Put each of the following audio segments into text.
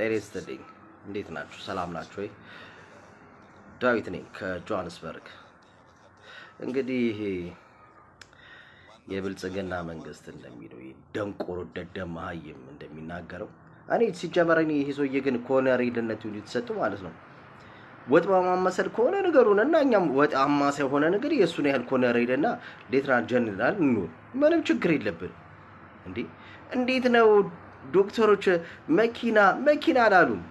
ጤና ይስጥልኝ። እንዴት ናችሁ? ሰላም ናችሁ ወይ? ዳዊት ነኝ ከጆሃንስበርግ። እንግዲህ ይሄ የብልጽግና መንግስት እንደሚለው ደንቆሮ ደደብ መሃይም እንደሚናገረው እኔ ሲጀመር እኔ ይሄ ሰውዬ ግን ኮነሬልነቱ የተሰጡ ማለት ነው ወጥ በማማሰል ከሆነ ነገሩን እና እኛም ወጥ አማሳይ ሆነን እንግዲህ የእሱን ያህል ኮነሬልና ሌተናል ጀነራል እንሆን ምንም ችግር የለብን። እንዴ እንዴት ነው ዶክተሮች መኪና መኪና አላሉም፣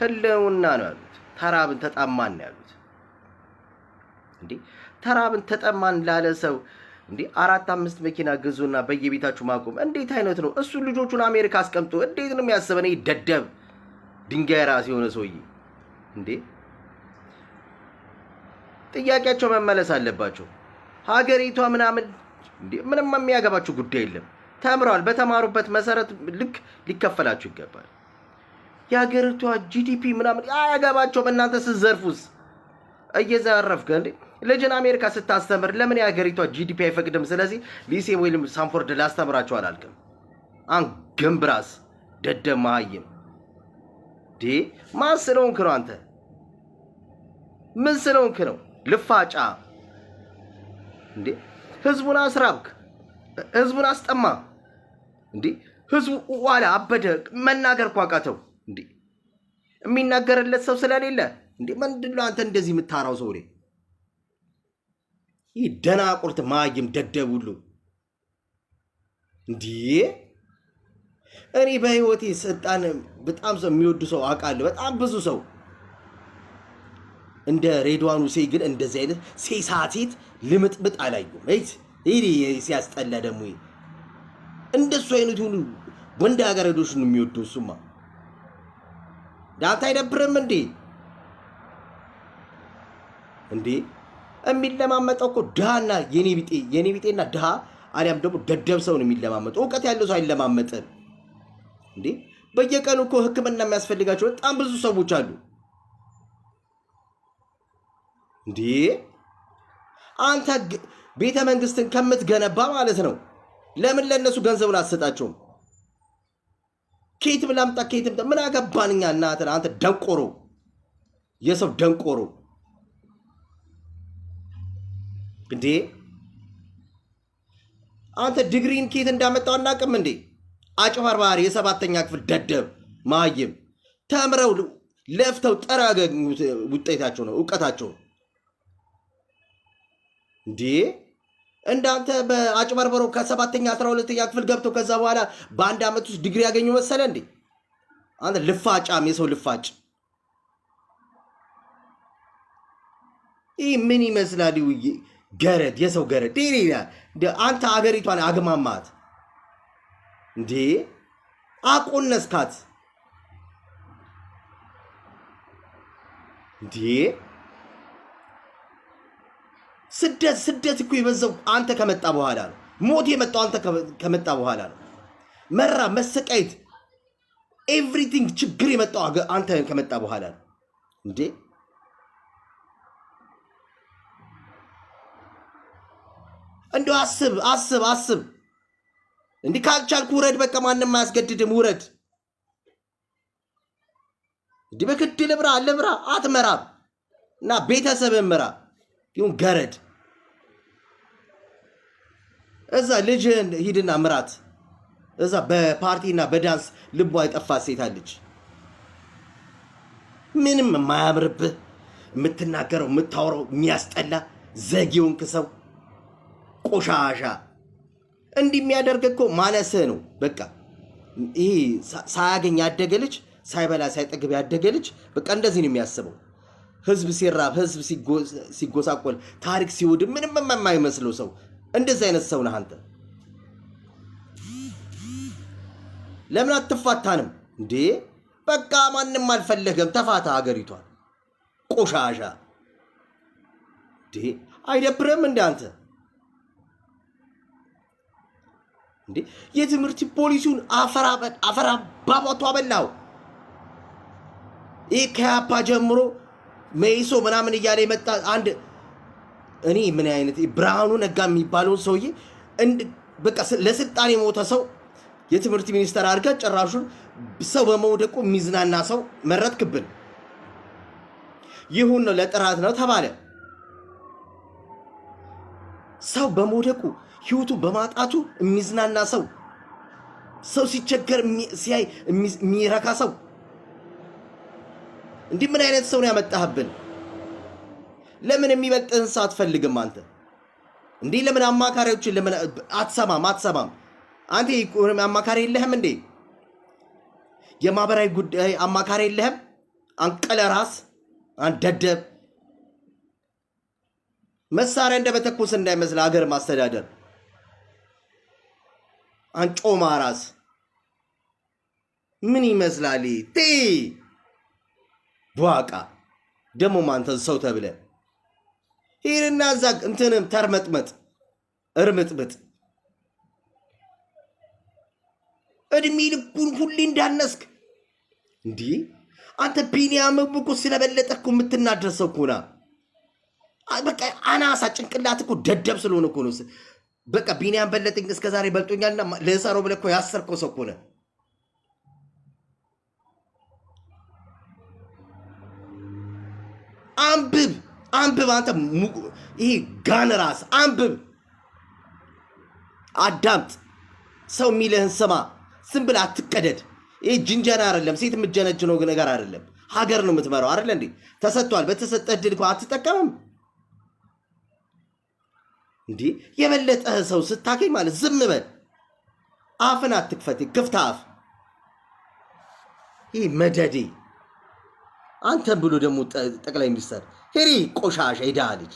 ህልውና ነው ያሉት። ተራብን ተጣማን ያሉት። እንዴ ተራብን ተጠማን ላለ ሰው እንዴ አራት አምስት መኪና ግዙና በየቤታችሁ ማቆም እንዴት አይነት ነው? እሱ ልጆቹን አሜሪካ አስቀምጦ እንዴት ነው የሚያስበን? ደደብ ድንጋይ ራስ የሆነ ሰውዬ እንዴ! ጥያቄያቸው መመለስ አለባቸው። ሀገሪቷ ምናምን ምንም የሚያገባቸው ጉዳይ የለም። ተምረዋል። በተማሩበት መሰረት ልክ ሊከፈላችሁ ይገባል። የሀገሪቷ ጂዲፒ ምናምን አያገባቸውም። እናንተ ስትዘርፉስ እየዘረፍክ እንዴ? ልጅን አሜሪካ ስታስተምር ለምን የሀገሪቷ ጂዲፒ አይፈቅድም? ስለዚህ ሊሴ ወይም ሳንፎርድ ላስተምራቸው አላልክም? አን ግንብራስ ደደብ መሃይም ዴ ማን ስለሆንክ ነው? አንተ ምን ስለሆንክ ነው? ልፋጫ እንዴ ህዝቡን አስራብክ። ህዝቡን አስጠማ እንዴ! ህዝቡ ዋላ አበደ። መናገር ኳቃተው እንዴ! የሚናገርለት ሰው ስለሌለ እንዴ! ምንድን ነው አንተ እንደዚህ የምታራው ሰው? ይህ ደናቁርት ማይም ደደብ ሁሉ እንዴ! እኔ በህይወቴ ስልጣን በጣም ሰው የሚወዱ ሰው አውቃለሁ፣ በጣም ብዙ ሰው እንደ ሬድዋን ሁሴን ግን እንደዚህ አይነት ሴሳቴት ልምጥምጥ አላየሁም። ይህ ሲያስጠላ ደግሞ እንደሱ አይነት ሁሉ ወንድ ሀገር ሄዶች ነው የሚወደው። እሱማ ዳንታ አይደብርም እንዴ? እንዴ የሚለማመጠው እኮ ድሃና የኔ ቢጤ የኔ ቢጤና ድሃ አሊያም ደግሞ ደደብ ሰው ነው የሚለማመጠው። እውቀት ያለው ሰው አይለማመጥም እንዴ። በየቀኑ እኮ ሕክምና የሚያስፈልጋቸው በጣም ብዙ ሰዎች አሉ እንዴ አንተ ቤተ መንግስትን ከምትገነባ ማለት ነው። ለምን ለእነሱ ገንዘቡን አትሰጣቸውም? ብላምጣ ኬት ኬትም ምን አገባንኛ? እናትን አንተ ደንቆሮ፣ የሰው ደንቆሮ እንዴ! አንተ ዲግሪን ኬት እንዳመጣው እናቅም እንዴ? አጭበርባሪ፣ የሰባተኛ ክፍል ደደብ ማይም ተምረው ለፍተው ጥራ ያገኙት ውጤታቸው ነው እውቀታቸው እንዴ እንዳንተ በአጭበርበሮ ከሰባተኛ አስራ ሁለተኛ ክፍል ገብቶ ከዛ በኋላ በአንድ ዓመት ውስጥ ዲግሪ ያገኙ መሰለ እንዴ? አንተ ልፋጫም የሰው ልፋጭ። ይህ ምን ይመስላል? ውዬ ገረድ፣ የሰው ገረድ። አንተ አገሪቷን አግማማት እንዴ? አቆነስካት እንዴ? ስደት ስደት እኮ የበዛው አንተ ከመጣ በኋላ ነው። ሞት የመጣው አንተ ከመጣ በኋላ ነው። መራ መሰቃየት፣ ኤቭሪቲንግ ችግር የመጣው አንተ ከመጣ በኋላ ነው እንዴ እንዲ አስብ አስብ አስብ። እንዲህ ካልቻልኩ ውረድ፣ በቃ ማንም አያስገድድም፣ ውረድ። እንዲህ በክድ ልብራ ልብራ አትመራም እና ቤተሰብ ምራ። ይሁን ገረድ እዛ ልጅህን ሂድና ምራት። እዛ በፓርቲና በዳንስ ልቧ የጠፋ ሴት ምንም የማያምርብህ የምትናገረው የምታወረው የሚያስጠላ ዘጌውን ክሰው ቆሻሻ። እንዲህ የሚያደርግ እኮ ማነስህ ነው። በቃ ይሄ ሳያገኝ ያደገ ልጅ፣ ሳይበላ ሳይጠግብ ያደገ ልጅ በቃ እንደዚህ ነው የሚያስበው። ህዝብ ሲራብ፣ ህዝብ ሲጎሳቆል፣ ታሪክ ሲውድ ምንም የማይመስለው ሰው እንደዚህ አይነት ሰው ነህ አንተ። ለምን አትፋታንም እንዴ? በቃ ማንም አልፈለገም፣ ተፋታ ሀገሪቷን። ቆሻሻ እንዴ! አይደብርም እንደ አንተ እንዴ? የትምህርት ፖሊሲውን አፈራ ባባቱ በላው። ይህ ከያፓ ጀምሮ መይሶ ምናምን እያለ የመጣ አንድ እኔ ምን አይነት ብርሃኑ ነጋ የሚባለውን ሰውዬ በቃ ለስልጣን የሞተ ሰው የትምህርት ሚኒስተር አድርገ ጭራሹን ሰው በመውደቁ የሚዝናና ሰው መረጥክብን። ይሁን ነው ለጥራት ነው ተባለ። ሰው በመውደቁ ህይወቱ በማጣቱ የሚዝናና ሰው ሰው ሲቸገር ሲያይ የሚረካ ሰው እንዲህ ምን አይነት ሰው ነው ያመጣህብን? ለምን የሚበልጥህን ሰው አትፈልግም አንተ? እንዲህ ለምን አማካሪዎችን ለምን አትሰማም? አትሰማም አንተ አማካሪ የለህም እንዴ? የማህበራዊ ጉዳይ አማካሪ የለህም? አንቀለ ራስ አንደደብ መሳሪያ እንደ በተኩስ እንዳይመስል ሀገር ማስተዳደር አንጮማ ራስ ምን ይመስላል? ቧቃ ደሞ ማንተ ሰው ተብለ ሂድና እዛ እንትንም ተርመጥመጥ እርምጥምጥ እድሜ ልቡን ሁሌ እንዳነስክ እንዲህ አንተ ቢንያም እኮ ስለበለጠ እኮ የምትናደሰው እኮ ና በቃ አናሳ ጭንቅላት እኮ ደደብ ስለሆነ እኮ ነው። በቃ ቢንያም በለጠኝ እስከዛሬ በልጦኛልና ልእሰረው ብለህ እኮ ያሰርከው ሰው እኮ ነህ። አንብብ አንብብ። አንተ ይሄ ጋን ራስ አንብብ፣ አዳምጥ፣ ሰው የሚልህን ስማ። ዝም ብለህ አትቀደድ። ይሄ ጅንጀና አይደለም፣ ሴት ነው ነገር አይደለም። ሀገር ነው የምትመራው አይደለ እንዴ? ተሰጥቷል። በተሰጠ እድል አትጠቀምም እንዴ? የበለጠህ ሰው ስታገኝ ማለት ዝም በል፣ አፍን አትክፈት። ክፍት አፍ ይህ መደዴ አንተን ብሎ ደግሞ ጠቅላይ ሚኒስተር ሄሪ ቆሻሻ ሄዳ ልጅ